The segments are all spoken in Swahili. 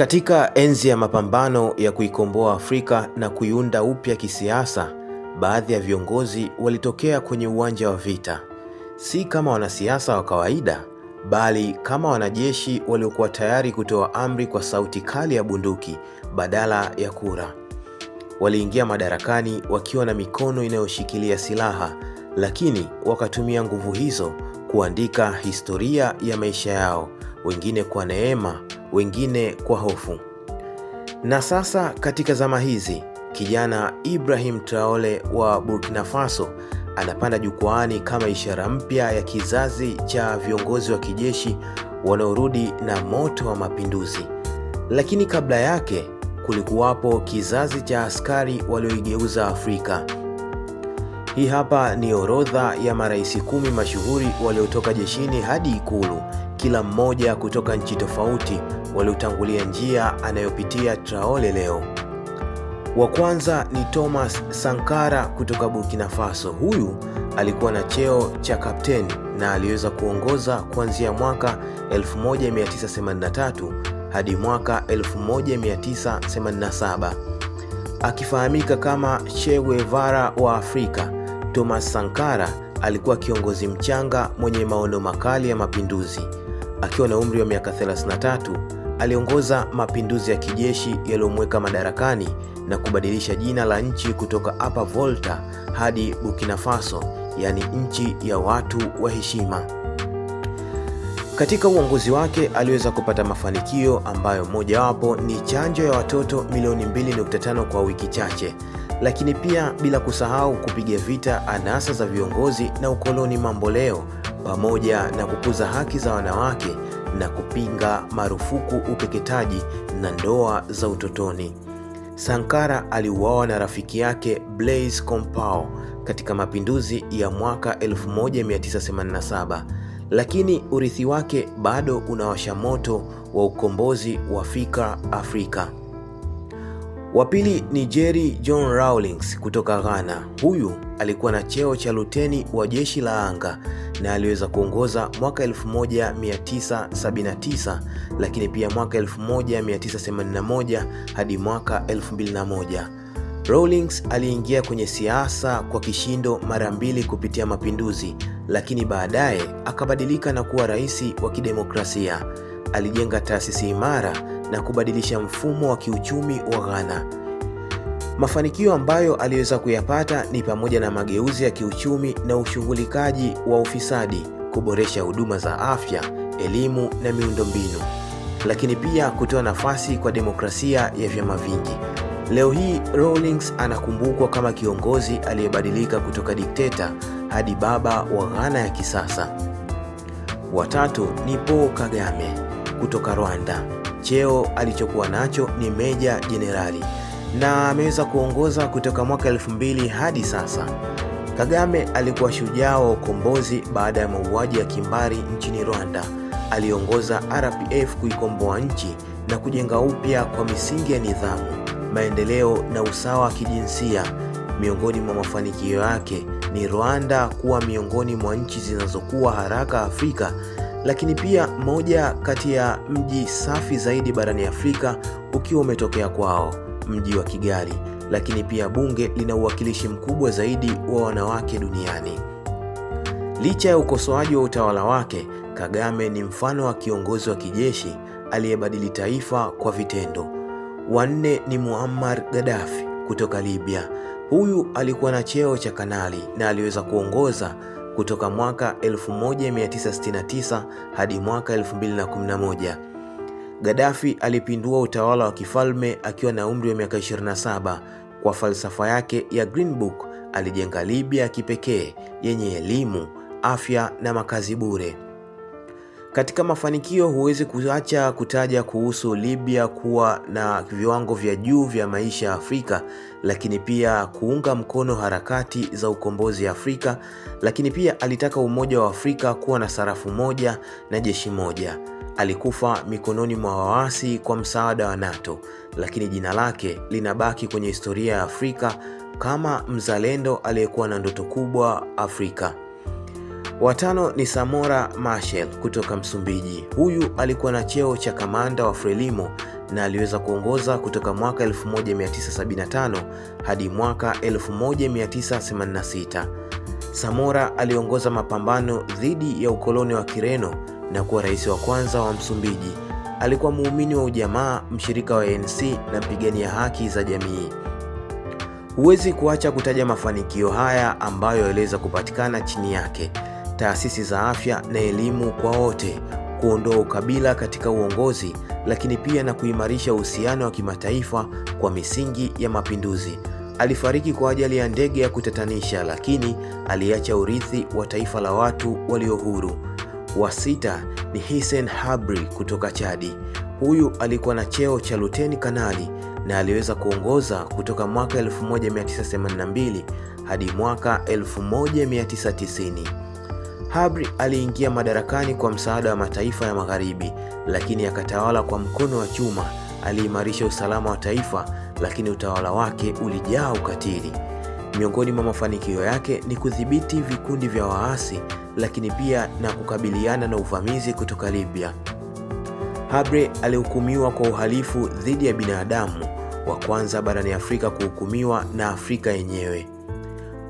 Katika enzi ya mapambano ya kuikomboa Afrika na kuiunda upya kisiasa, baadhi ya viongozi walitokea kwenye uwanja wa vita, si kama wanasiasa wa kawaida, bali kama wanajeshi waliokuwa tayari kutoa amri kwa sauti kali ya bunduki badala ya kura. Waliingia madarakani wakiwa na mikono inayoshikilia silaha, lakini wakatumia nguvu hizo kuandika historia ya maisha yao, wengine kwa neema wengine kwa hofu. Na sasa katika zama hizi, kijana Ibrahim Traore wa Burkina Faso anapanda jukwaani kama ishara mpya ya kizazi cha viongozi wa kijeshi wanaorudi na moto wa mapinduzi. Lakini kabla yake kulikuwapo kizazi cha askari walioigeuza Afrika. Hii hapa ni orodha ya marais kumi mashuhuri waliotoka jeshini hadi Ikulu, kila mmoja kutoka nchi tofauti waliotangulia njia anayopitia Traore leo. Wa kwanza ni Thomas Sankara kutoka Burkina Faso. Huyu alikuwa na cheo cha kapteni na aliweza kuongoza kuanzia mwaka 1983 hadi mwaka 1987. Akifahamika kama Che Guevara wa Afrika, Thomas Sankara alikuwa kiongozi mchanga mwenye maono makali ya mapinduzi. Akiwa na umri wa miaka 33 Aliongoza mapinduzi ya kijeshi yaliyomweka madarakani na kubadilisha jina la nchi kutoka Upper Volta hadi Burkina Faso, yaani nchi ya watu wa heshima. Katika uongozi wake aliweza kupata mafanikio ambayo mojawapo ni chanjo ya watoto milioni 2.5 kwa wiki chache, lakini pia bila kusahau kupiga vita anasa za viongozi na ukoloni mamboleo pamoja na kukuza haki za wanawake na kupinga marufuku upeketaji na ndoa za utotoni. Sankara aliuawa na rafiki yake Blaise Compaoré katika mapinduzi ya mwaka 1987, lakini urithi wake bado unawasha moto wa ukombozi wa fikra Afrika. Wa pili ni Jerry John Rawlings kutoka Ghana. Huyu alikuwa na cheo cha luteni wa jeshi la anga na aliweza kuongoza mwaka 1979 lakini pia mwaka 1981 hadi mwaka 2001. Rawlings aliingia kwenye siasa kwa kishindo mara mbili kupitia mapinduzi, lakini baadaye akabadilika na kuwa rais wa kidemokrasia. Alijenga taasisi imara na kubadilisha mfumo wa kiuchumi wa Ghana. Mafanikio ambayo aliweza kuyapata ni pamoja na mageuzi ya kiuchumi na ushughulikaji wa ufisadi, kuboresha huduma za afya, elimu na miundombinu, lakini pia kutoa nafasi kwa demokrasia ya vyama vingi. Leo hii Rawlings anakumbukwa kama kiongozi aliyebadilika kutoka dikteta hadi baba wa Ghana ya kisasa. Watatu ni Paul Kagame kutoka Rwanda. Cheo alichokuwa nacho ni meja jenerali na ameweza kuongoza kutoka mwaka 2000 hadi sasa. Kagame alikuwa shujaa wa ukombozi baada ya mauaji ya kimbari nchini Rwanda. Aliongoza RPF kuikomboa nchi na kujenga upya kwa misingi ya nidhamu, maendeleo na usawa wa kijinsia. Miongoni mwa mafanikio yake ni Rwanda kuwa miongoni mwa nchi zinazokuwa haraka Afrika, lakini pia moja kati ya mji safi zaidi barani Afrika ukiwa umetokea kwao mji wa Kigali, lakini pia bunge lina uwakilishi mkubwa zaidi wa wanawake duniani. Licha ya ukosoaji wa utawala wake, Kagame ni mfano wa kiongozi wa kijeshi aliyebadili taifa kwa vitendo. Wanne ni Muammar Gaddafi kutoka Libya. Huyu alikuwa na cheo cha kanali na aliweza kuongoza kutoka mwaka 1969 hadi mwaka 2011. Gaddafi alipindua utawala wa kifalme akiwa na umri wa miaka 27. Kwa falsafa yake ya Green Book, alijenga Libya ya kipekee yenye elimu, afya na makazi bure. Katika mafanikio, huwezi kuacha kutaja kuhusu Libya kuwa na viwango vya juu vya maisha ya Afrika, lakini pia kuunga mkono harakati za ukombozi Afrika, lakini pia alitaka umoja wa Afrika kuwa na sarafu moja na jeshi moja alikufa mikononi mwa waasi kwa msaada wa NATO, lakini jina lake linabaki kwenye historia ya Afrika kama mzalendo aliyekuwa na ndoto kubwa Afrika. Watano ni Samora Machel kutoka Msumbiji. Huyu alikuwa na cheo cha kamanda wa Frelimo na aliweza kuongoza kutoka mwaka 1975 hadi mwaka 1986. Samora aliongoza mapambano dhidi ya ukoloni wa Kireno na kuwa rais wa kwanza wa Msumbiji. Alikuwa muumini wa ujamaa, mshirika wa ANC na mpigania haki za jamii. Huwezi kuacha kutaja mafanikio haya ambayo yaliweza kupatikana chini yake: taasisi za afya na elimu kwa wote, kuondoa ukabila katika uongozi, lakini pia na kuimarisha uhusiano wa kimataifa kwa misingi ya mapinduzi. Alifariki kwa ajali ya ndege ya kutatanisha, lakini aliacha urithi wa taifa la watu walio huru. Wa sita ni Hisen Habri kutoka Chadi. Huyu alikuwa na cheo cha luteni kanali na aliweza kuongoza kutoka mwaka 1982 hadi mwaka 1990. Habri aliingia madarakani kwa msaada wa mataifa ya Magharibi, lakini akatawala kwa mkono wa chuma. Aliimarisha usalama wa taifa, lakini utawala wake ulijaa ukatili. Miongoni mwa mafanikio yake ni kudhibiti vikundi vya waasi, lakini pia na kukabiliana na uvamizi kutoka Libya. Habre alihukumiwa kwa uhalifu dhidi ya binadamu, wa kwanza barani Afrika kuhukumiwa na Afrika yenyewe.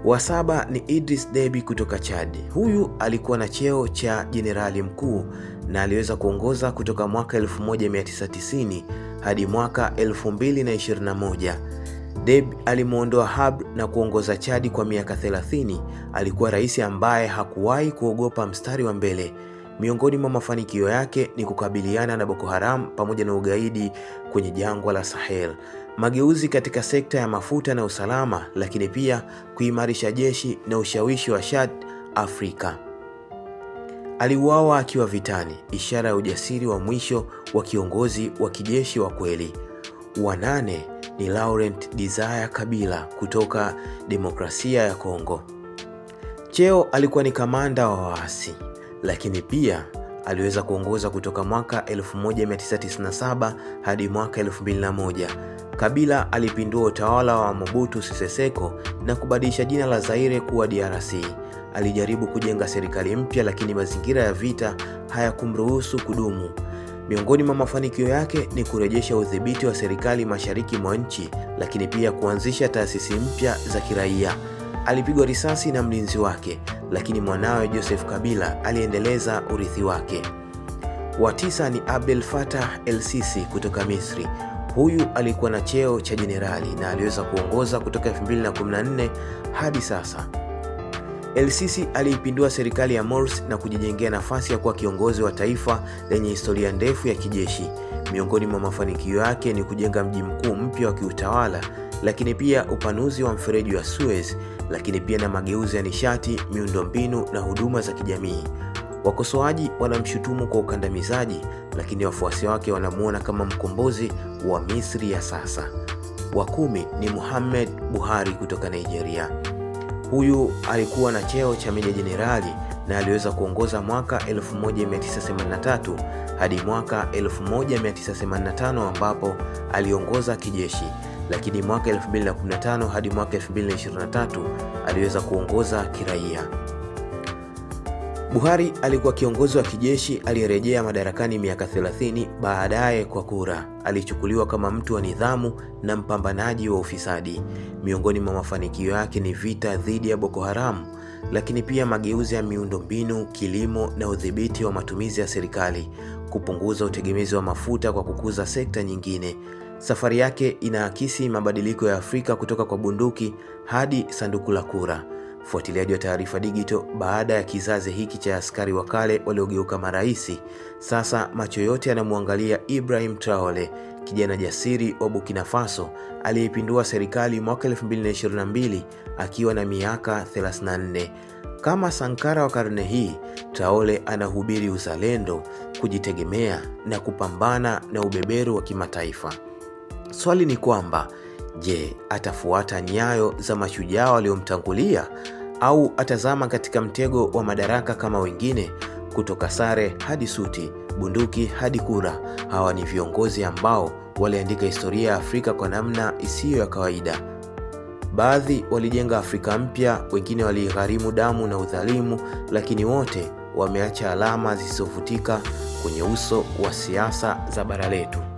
Wa saba ni Idris Deby kutoka Chad. Huyu alikuwa na cheo cha jenerali mkuu na aliweza kuongoza kutoka mwaka 1990 hadi mwaka 2021 Deb alimwondoa Hab na kuongoza Chadi kwa miaka 30. Alikuwa rais ambaye hakuwahi kuogopa mstari wa mbele. Miongoni mwa mafanikio yake ni kukabiliana na Boko Haram pamoja na ugaidi kwenye jangwa la Sahel, mageuzi katika sekta ya mafuta na usalama, lakini pia kuimarisha jeshi na ushawishi wa Chad Afrika. Aliuawa akiwa vitani, ishara ya ujasiri wa mwisho wa kiongozi wa kijeshi wa kweli. Wanane ni Laurent Desire Kabila kutoka Demokrasia ya Kongo. Cheo alikuwa ni kamanda wa waasi, lakini pia aliweza kuongoza kutoka mwaka 1997 hadi mwaka 2001. Kabila alipindua utawala wa Mobutu Sese Seko na kubadilisha jina la Zaire kuwa DRC. Alijaribu kujenga serikali mpya, lakini mazingira ya vita hayakumruhusu kudumu. Miongoni mwa mafanikio yake ni kurejesha udhibiti wa serikali mashariki mwa nchi, lakini pia kuanzisha taasisi mpya za kiraia. Alipigwa risasi na mlinzi wake, lakini mwanawe Joseph Kabila aliendeleza urithi wake. Wa tisa ni Abdel Fattah el-Sisi kutoka Misri. Huyu alikuwa na cheo cha jenerali na aliweza kuongoza kutoka 2014 hadi sasa lcc aliipindua serikali ya Morsi na kujijengea nafasi ya kuwa kiongozi wa taifa lenye historia ndefu ya kijeshi. Miongoni mwa mafanikio yake ni kujenga mji mkuu mpya wa kiutawala, lakini pia upanuzi wa mfereji wa Suez, lakini pia na mageuzi ya nishati, miundombinu na huduma za kijamii. Wakosoaji wanamshutumu kwa ukandamizaji, lakini wafuasi wake wanamuona kama mkombozi wa Misri ya sasa. Wa kumi ni Muhammad Buhari kutoka Nigeria. Huyu alikuwa na cheo cha meja jenerali na aliweza kuongoza mwaka 1983 hadi mwaka 1985 ambapo aliongoza kijeshi, lakini mwaka 2015 hadi mwaka 2023 aliweza kuongoza kiraia. Buhari alikuwa kiongozi wa kijeshi aliyerejea madarakani miaka 30 baadaye kwa kura. Alichukuliwa kama mtu wa nidhamu na mpambanaji wa ufisadi. Miongoni mwa mafanikio yake ni vita dhidi ya Boko Haram, lakini pia mageuzi ya miundombinu, kilimo na udhibiti wa matumizi ya serikali, kupunguza utegemezi wa mafuta kwa kukuza sekta nyingine. Safari yake inaakisi mabadiliko ya Afrika kutoka kwa bunduki hadi sanduku la kura fuatiliaji wa taarifa digital baada ya kizazi hiki cha askari wa kale waliogeuka maraisi, sasa macho yote yanamwangalia Ibrahim Traore, kijana jasiri wa Burkina Faso aliyepindua serikali mwaka 2022 akiwa na miaka 34. Kama Sankara wa karne hii, Traore anahubiri uzalendo, kujitegemea na kupambana na ubeberu wa kimataifa. Swali ni kwamba Je, atafuata nyayo za mashujaa waliomtangulia au atazama katika mtego wa madaraka kama wengine? Kutoka sare hadi suti, bunduki hadi kura, hawa ni viongozi ambao waliandika historia ya Afrika kwa namna isiyo ya kawaida. Baadhi walijenga Afrika mpya, wengine waligharimu damu na udhalimu, lakini wote wameacha alama zisizofutika kwenye uso wa siasa za bara letu.